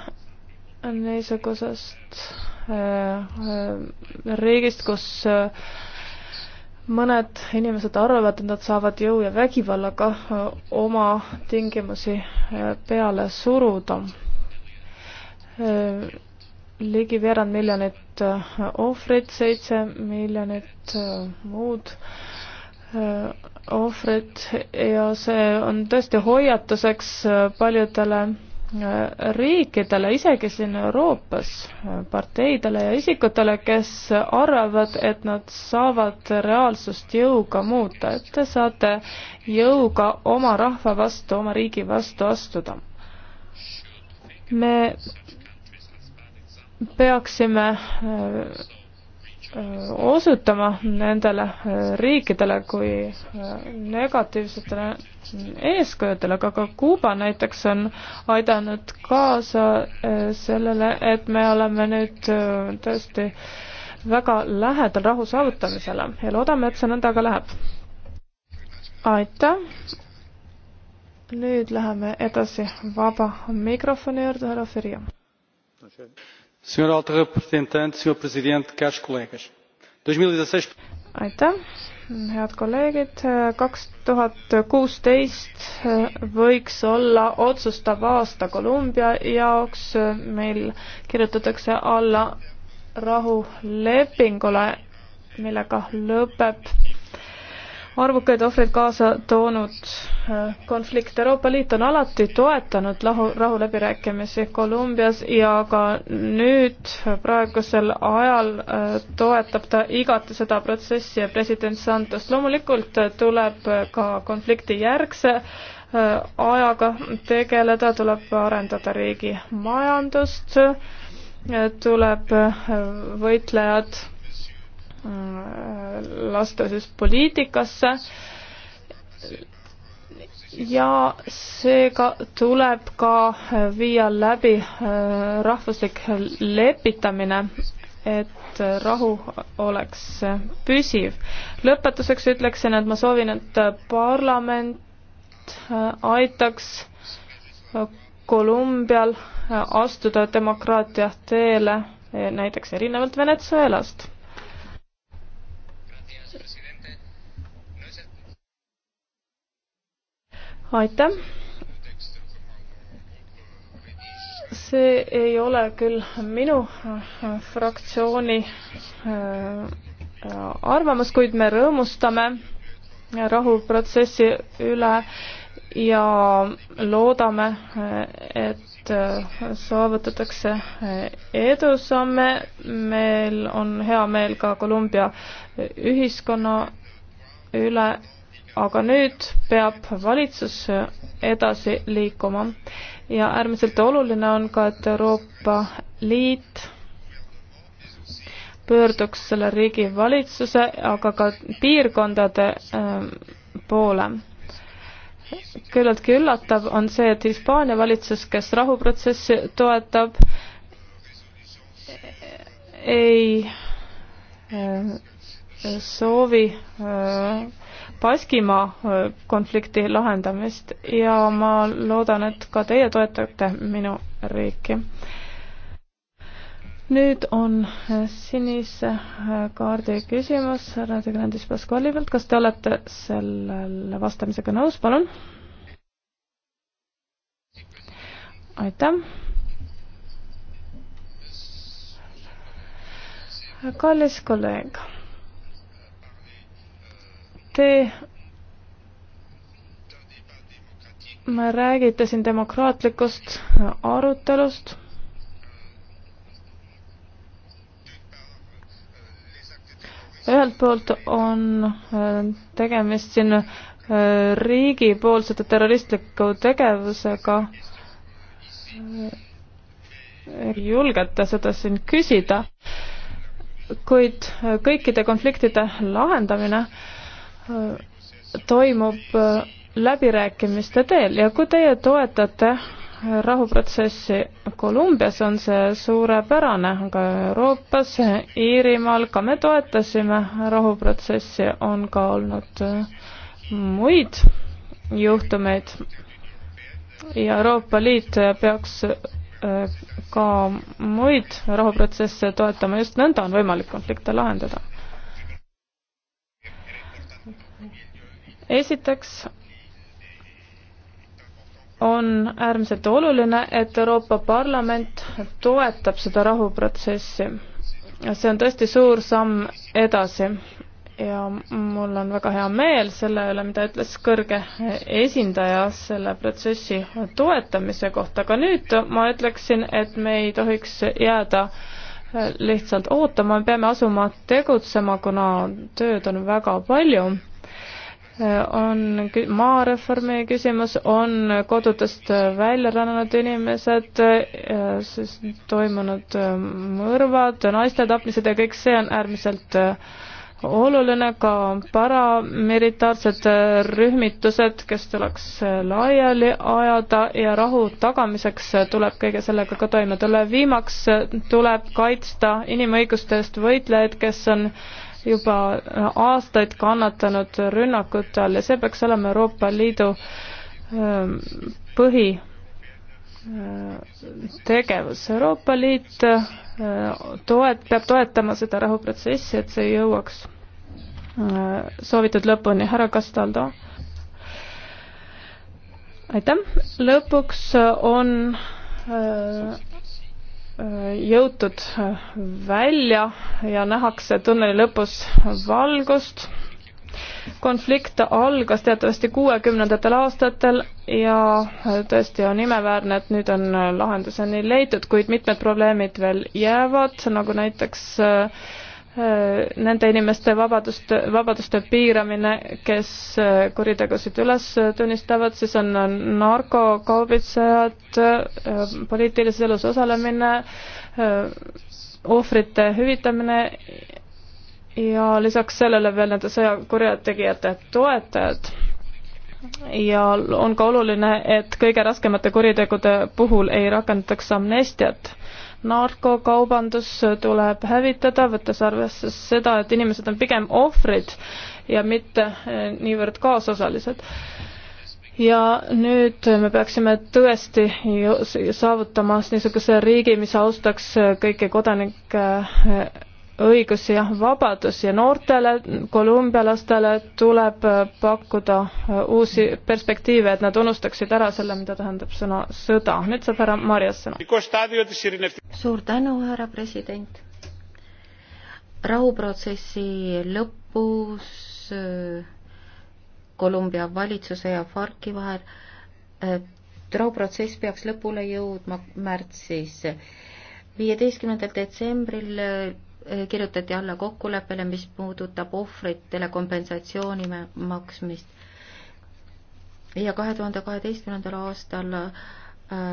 niisugusest äh, riigist, kus äh, mõned inimesed arvavad, et nad saavad jõu ja vägivallaga oma tingimusi peale suruda. ligi veerand miljonit ohvrit, seitse miljonit muud ohvrit ja see on tõesti hoiatuseks paljudele riikidele, isegi siin Euroopas, parteidele ja isikutele, kes arvavad, et nad saavad reaalsust jõuga muuta, et te saate jõuga oma rahva vastu, oma riigi vastu astuda. me peaksime Äh, osutama nendele äh, riikidele kui äh, negatiivsetele eeskujudele, aga ka Kuuba näiteks on aidanud kaasa sellele, et me oleme nüüd tõesti väga lähedal rahu saavutamisele ja loodame, et see nõnda ka läheb. aitäh! nüüd läheme edasi vaba mikrofoni juurde, härra Ferja. Senhora alta representante, senhor president, caros kolleegas. E aitäh, head kolleegid, kaks tuhat kuusteist eh, võiks olla otsustav aasta Kolumbia jaoks, meil kirjutatakse alla rahulepingule, millega lõpeb arvukaid ohvreid kaasa toonud äh, konflikt. Euroopa Liit on alati toetanud lahu, rahuläbirääkimisi Kolumbias ja ka nüüd äh, praegusel ajal äh, toetab ta igati seda protsessi ja president Santos. loomulikult tuleb ka konflikti järgse ajaga tegeleda, tuleb arendada riigi majandust, tuleb võitlejad Mm, lasta siis poliitikasse ja seega tuleb ka viia läbi äh, rahvuslik lepitamine, et rahu oleks püsiv. lõpetuseks ütleksin, et ma soovin, et parlament äh, aitaks Kolumbial astuda demokraatia teele, näiteks erinevalt Venezuelast aitäh. see ei ole küll minu äh, fraktsiooni äh, arvamus, kuid me rõõmustame rahuprotsessi üle ja loodame, et äh, saavutatakse edusamme. meil on hea meel ka Kolumbia ühiskonna üle aga nüüd peab valitsus edasi liikuma ja äärmiselt oluline on ka, et Euroopa Liit pöörduks selle riigi valitsuse, aga ka piirkondade ähm, poole. küllaltki üllatav on see, et Hispaania valitsus, kes rahuprotsessi toetab, ei äh, soovi äh, Baskimaa konflikti lahendamist ja ma loodan, et ka teie toetate minu riiki. nüüd on sinise kaardi küsimus härra De Grandis Pascuali pealt, kas te olete sellele vastamisega nõus, palun? aitäh. kallis kolleeg Te me räägite siin demokraatlikust arutelust. ühelt poolt on äh, tegemist siin äh, riigipoolsete terroristliku tegevusega. Äh, ei julgeta seda siin küsida, kuid kõikide konfliktide lahendamine äh, toimub äh, läbirääkimiste teel ja kui teie toetate äh, rahuprotsessi Kolumbias, on see suurepärane, aga Euroopas, Iirimaal ka me toetasime rahuprotsessi, on ka olnud äh, muid juhtumeid ja Euroopa Liit peaks ka muid rahuprotsesse toetama, just nõnda on võimalik konflikte lahendada esiteks on äärmiselt oluline, et Euroopa Parlament toetab seda rahuprotsessi. see on tõesti suur samm edasi ja mul on väga hea meel selle üle, mida ütles kõrge esindaja selle protsessi toetamise kohta, aga nüüd ma ütleksin, et me ei tohiks jääda lihtsalt ootama, me peame asuma tegutsema, kuna tööd on väga palju on maareformi küsimus, on kodudest välja rännanud inimesed, siis toimunud mõrvad, naiste tapmised ja kõik see on äärmiselt oluline, ka paramilitaarsed rühmitused, kes tuleks laiali ajada ja rahu tagamiseks tuleb kõige sellega ka toime tulla. viimaks tuleb kaitsta inimõiguste eest võitlejaid, kes on juba aastaid kannatanud rünnakute all ja see peaks olema Euroopa Liidu ähm, põhi äh, tegevus. Euroopa Liit äh, toet-, peab toetama seda rahuprotsessi, et see jõuaks äh, soovitud lõpuni. härra Castaldo. aitäh, lõpuks on jõutud äh, välja ja nähakse tunneli lõpus valgust. konflikt algas teatavasti kuuekümnendatel aastatel ja äh, tõesti on imeväärne, et nüüd on äh, lahenduseni leitud, kuid mitmed probleemid veel jäävad, nagu näiteks äh, Äh, nende inimeste vabadust, vabaduste piiramine, kes äh, kuritegusid üles äh, tunnistavad, siis on narkokaubitsejad, poliitilises elus osalemine, ohvrite hüvitamine ja lisaks sellele veel nende sõjakurjategijate toetajad ja on ka oluline, et kõige raskemate kuritegude puhul ei rakendataks amnestiat narkokaubandus tuleb hävitada, võttes arvesse seda, et inimesed on pigem ohvrid ja mitte eh, niivõrd kaasosalised ja nüüd me peaksime tõesti saavutama niisuguse riigi, mis austaks kõiki kodanikke eh, õigusi ja vabadusi ja noortele kolumbialastele tuleb äh, pakkuda äh, uusi perspektiive, et nad unustaksid ära selle, mida tähendab sõna sõda. nüüd saab härra Marjas sõna. suur tänu, härra president. rahuprotsessi lõpus äh, Kolumbia valitsuse ja FARC-i vahel, rahuprotsess peaks lõpule jõudma märtsis viieteistkümnendal detsembril Eh, kirjutati alla kokkuleppele, mis puudutab ohvritele kompensatsiooni maksmist. ja kahe tuhande kaheteistkümnendal aastal äh,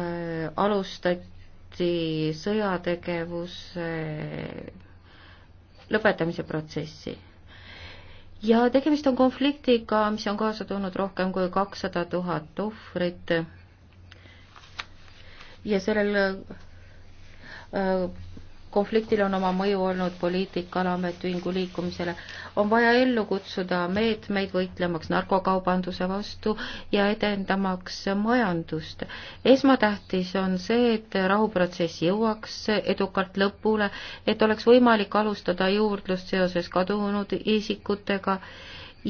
alustati sõjategevuse äh, lõpetamise protsessi. ja tegemist on konfliktiga, mis on kaasa toonud rohkem kui kakssada tuhat ohvrit ja sellel äh, konfliktil on oma mõju olnud poliitikale, ametiühingu liikumisele. on vaja ellu kutsuda meetmeid võitlemaks narkokaubanduse vastu ja edendamaks majandust. esmatähtis on see, et rahuprotsess jõuaks edukalt lõpule, et oleks võimalik alustada juurdlust seoses kadunud isikutega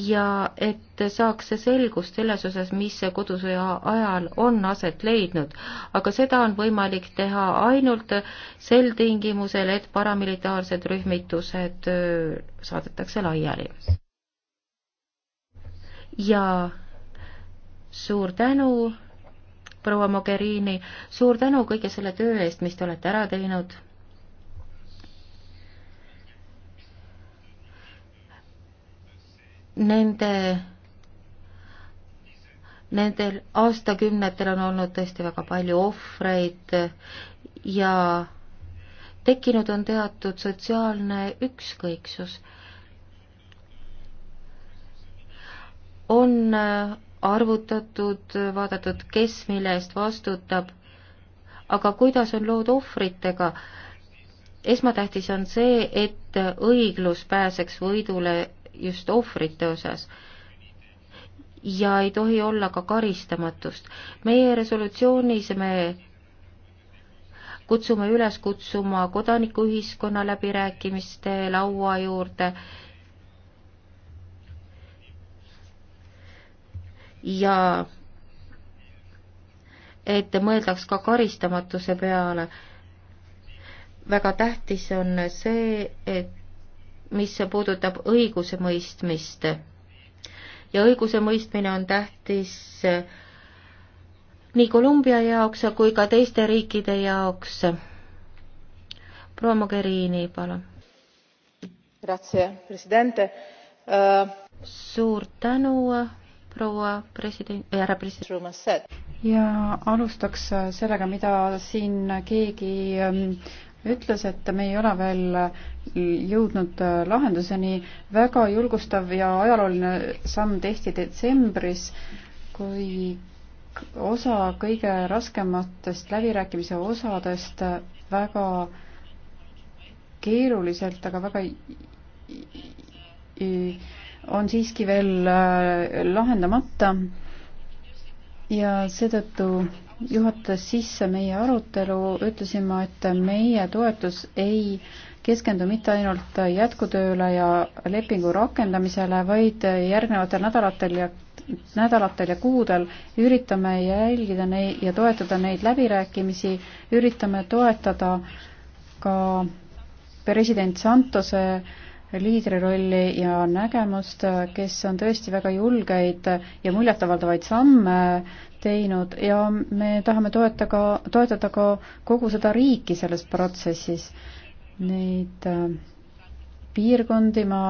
ja et saaks selgust selles osas, mis kodusõja ajal on aset leidnud. aga seda on võimalik teha ainult sel tingimusel, et paramilitaarsed rühmitused äh, saadetakse laiali. ja suur tänu, proua Mogherini, suur tänu kõige selle töö eest, mis te olete ära teinud nende, nendel aastakümnetel on olnud tõesti väga palju ohvreid ja tekkinud on teatud sotsiaalne ükskõiksus. on arvutatud, vaadatud, kes mille eest vastutab, aga kuidas on lood ohvritega? esmatähtis on see, et õiglus pääseks võidule just ohvrite osas ja ei tohi olla ka karistamatust. meie resolutsioonis me kutsume üles kutsuma kodanikuühiskonna läbirääkimiste laua juurde ja et mõeldaks ka karistamatuse peale. väga tähtis on see, et mis puudutab õigusemõistmist. ja õigusemõistmine on tähtis äh, nii Kolumbia jaoks kui ka teiste riikide jaoks. proua Mogherini, palun. Uh... suur tänu, proua president, äh, härra president. ja alustaks sellega, mida siin keegi ähm, ütles, et me ei ole veel jõudnud lahenduseni. väga julgustav ja ajalooline samm tehti detsembris, kui osa kõige raskematest läbirääkimise osadest väga keeruliselt, aga väga on siiski veel äh, lahendamata ja seetõttu juhatas sisse meie arutelu, ütlesin ma, et meie toetus ei keskendu mitte ainult jätkutööle ja lepingu rakendamisele, vaid järgnevatel nädalatel ja nädalatel ja kuudel üritame jälgida neid ja toetada neid läbirääkimisi, üritame toetada ka president Santose äh, liidri rolli ja nägemust, kes on tõesti väga julgeid ja muljetavaldavaid samme teinud ja me tahame toeta ka, toetada ka kogu seda riiki selles protsessis. Neid äh, piirkondi, ma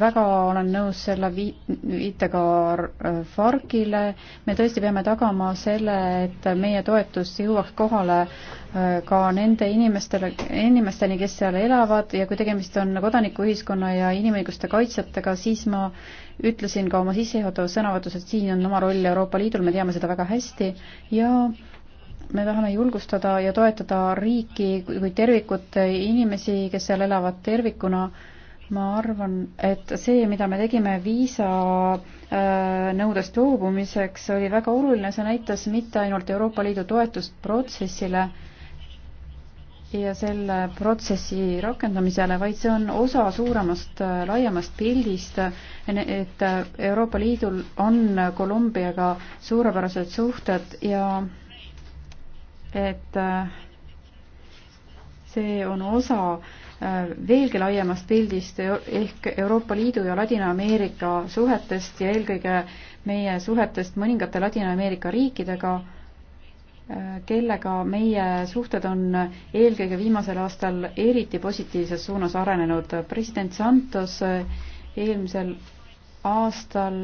väga olen nõus selle viitega äh, FARC-ile, me tõesti peame tagama selle, et meie toetus jõuaks kohale äh, ka nende inimestele, inimesteni, kes seal elavad ja kui tegemist on kodanikuühiskonna ja inimõiguste kaitsjatega, siis ma ütlesin ka oma sissejuhatavas sõnavõtus, et siin on oma roll Euroopa Liidul, me teame seda väga hästi ja me tahame julgustada ja toetada riiki kui tervikut, inimesi, kes seal elavad tervikuna ma arvan, et see, mida me tegime viisa äh, nõudest loobumiseks, oli väga oluline, see näitas mitte ainult Euroopa Liidu toetust protsessile ja selle protsessi rakendamisele, vaid see on osa suuremast, äh, laiemast pildist, et äh, Euroopa Liidul on Kolumbiaga suurepärased suhted ja et see on osa äh, Äh, veelgi laiemast pildist ehk Euroopa Liidu ja Ladina-Ameerika suhetest ja eelkõige meie suhetest mõningate Ladina-Ameerika riikidega, äh, kellega meie suhted on eelkõige viimasel aastal eriti positiivses suunas arenenud. president Santos äh, eelmisel aastal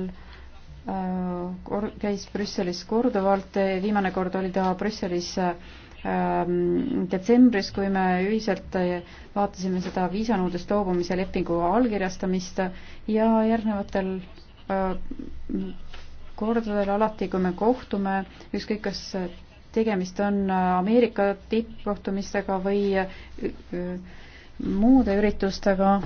käis Brüsselis korduvalt, viimane kord oli ta Brüsselis Ähm, detsembris, kui me ühiselt äh, vaatasime seda viisanõudest loobumise lepingu allkirjastamist ja järgnevatel äh, kordadel alati, kui me kohtume, ükskõik kas tegemist on äh, Ameerika tippkohtumistega või muude üritustega,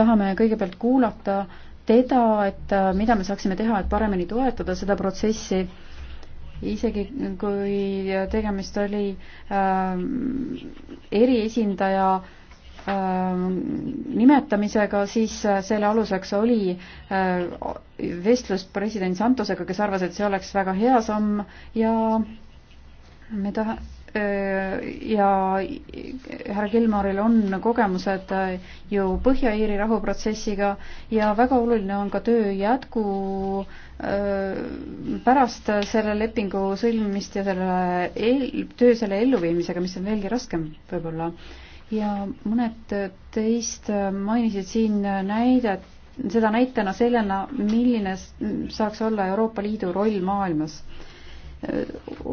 tahame kõigepealt kuulata teda, et mida me saaksime teha, et paremini toetada seda protsessi isegi kui tegemist oli äh, eriesindaja äh, nimetamisega, siis äh, selle aluseks oli äh, vestlus president Santosega, kes arvas, et see oleks väga hea samm ja me taha-, ja härra Kilmaril on kogemused ju Põhja-Iiri rahuprotsessiga ja väga oluline on ka töö jätku äh, pärast selle lepingu sõlmimist ja selle töö selle elluviimisega, mis on veelgi raskem võib-olla. ja mõned teist mainisid siin näidet, seda näitena sellena, milline saaks olla Euroopa Liidu roll maailmas. Äh,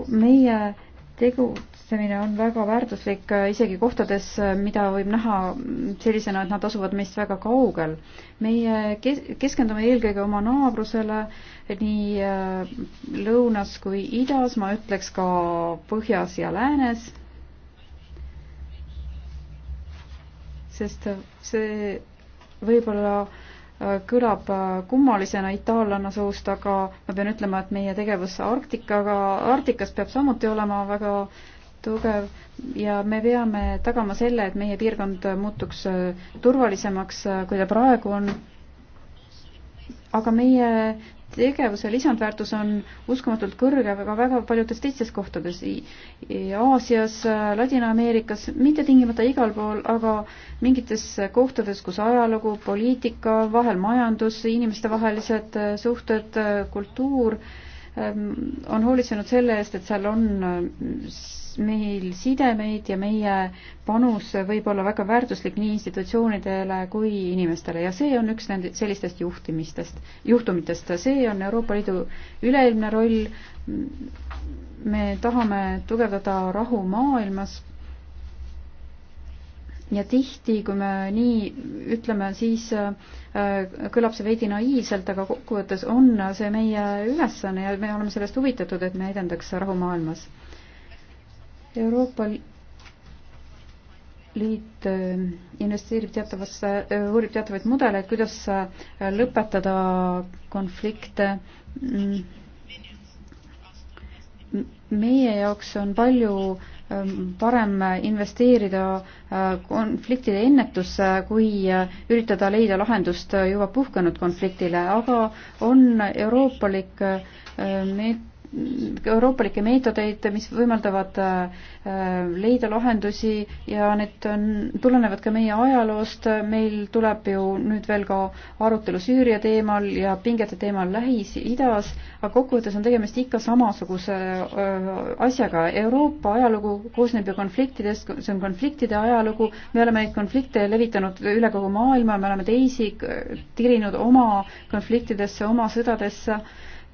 meie tegutsemine on väga väärtuslik äh, isegi kohtades, äh, mida võib näha mm, sellisena, et nad asuvad meist väga kaugel. meie kes-, keskendume eelkõige oma naabrusele nii äh, lõunas kui idas, ma ütleks ka põhjas ja läänes, sest see võib-olla äh, kõlab äh, kummalisena itaallanna suust, aga ma pean ütlema, et meie tegevus Arktikaga, Arktikas peab samuti olema väga tugev ja me peame tagama selle, et meie piirkond muutuks äh, turvalisemaks, äh, kui ta praegu on. aga meie tegevuse lisandväärtus on uskumatult kõrge ka väga paljudes teistes kohtades, Aasias, Ladina-Ameerikas, mitte tingimata igal pool, aga mingites kohtades, kus ajalugu, poliitika, vahel majandus, inimestevahelised äh, suhted, äh, kultuur ähm, on hoolitsenud selle eest, et seal on äh, meil sidemeid ja meie panus võib olla väga väärtuslik nii institutsioonidele kui inimestele ja see on üks nende sellistest juhtimistest, juhtumitest. see on Euroopa Liidu üleilmne roll. me tahame tugevdada rahu maailmas. ja tihti, kui me nii ütleme, siis äh, kõlab see veidi naiivselt, aga kokkuvõttes on see meie ülesanne ja me oleme sellest huvitatud, et me edendaks rahu maailmas Euroopa Liit äh, investeerib teatavasse, äh, uurib teatavaid mudeleid, kuidas äh, lõpetada konflikte. meie jaoks on palju ähm, parem investeerida konfliktide ennetusse, kui üritada leida lahendust juba puhkenud konfliktile, aga on euroopalik meet-, euroopalikke meetodeid, mis võimaldavad äh, leida lahendusi ja need on, tulenevad ka meie ajaloost, meil tuleb ju nüüd veel ka arutelu Süüria teemal ja pingete teemal Lähis-Idas, aga kokkuvõttes on tegemist ikka samasuguse äh, asjaga. Euroopa ajalugu koosneb ju konfliktidest, see on konfliktide ajalugu, me oleme neid konflikte levitanud üle kogu maailma, me oleme teisi tirinud oma konfliktidesse, oma sõdadesse,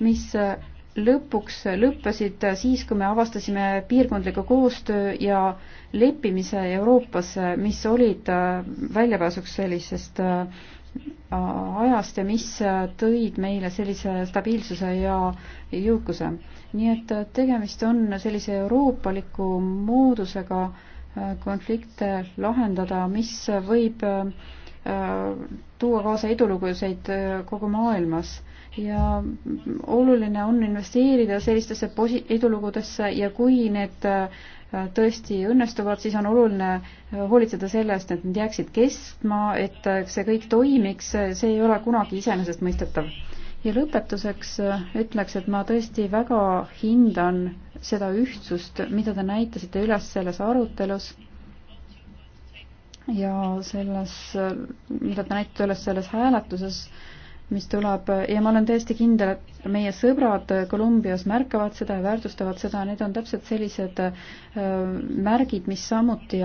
mis äh, lõpuks lõppesid siis, kui me avastasime piirkondliku koostöö ja leppimise Euroopas, mis olid väljapääsuks sellisest äh, ajast ja mis tõid meile sellise stabiilsuse ja jõukuse. nii et tegemist on sellise euroopaliku moodusega äh, konflikte lahendada, mis võib äh, tuua kaasa edulugusid kogu maailmas ja oluline on investeerida sellistesse posi-, edulugudesse ja kui need äh, tõesti õnnestuvad, siis on oluline äh, hoolitseda selle eest, et need jääksid kestma, et äh, see kõik toimiks, see ei ole kunagi iseenesestmõistetav. ja lõpetuseks ütleks, et ma tõesti väga hindan seda ühtsust, mida te näitasite üles selles arutelus ja selles, mida te näitate üles selles hääletuses mis tuleb ja ma olen täiesti kindel, et meie sõbrad Kolumbias märkavad seda ja väärtustavad seda, need on täpselt sellised äh, märgid, mis samuti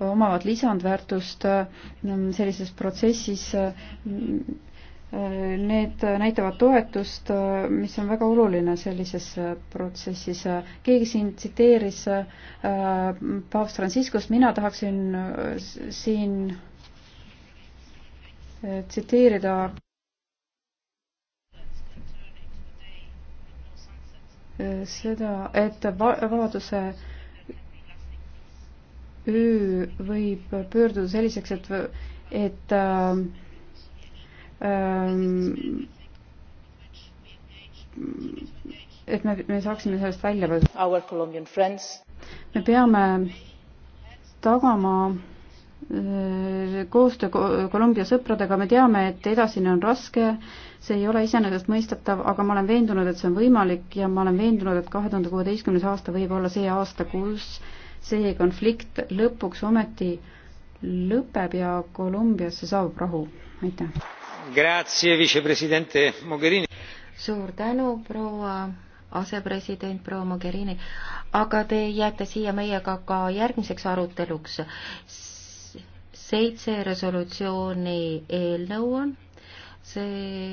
omavad lisandväärtust ähm, sellises protsessis. Äh, need näitavad toetust, äh, mis on väga oluline sellises protsessis. keegi siin tsiteeris paavst Franciscust, mina tahaksin siin tsiteerida seda, et vabaduse öö võib pöörduda selliseks, et, et ähm, et me, me saaksime sellest välja. me peame tagama koostöö Kolumbia sõpradega, me teame, et edasine on raske, see ei ole iseenesestmõistetav, aga ma olen veendunud, et see on võimalik ja ma olen veendunud, et kahe tuhande kuueteistkümnes aasta võib olla see aasta, kus see konflikt lõpuks ometi lõpeb ja Kolumbiasse saabub rahu. aitäh! suur tänu, proua asepresident proua Mogherini, aga te jääte siia meiega ka järgmiseks aruteluks seitse resolutsiooni eelnõu on, see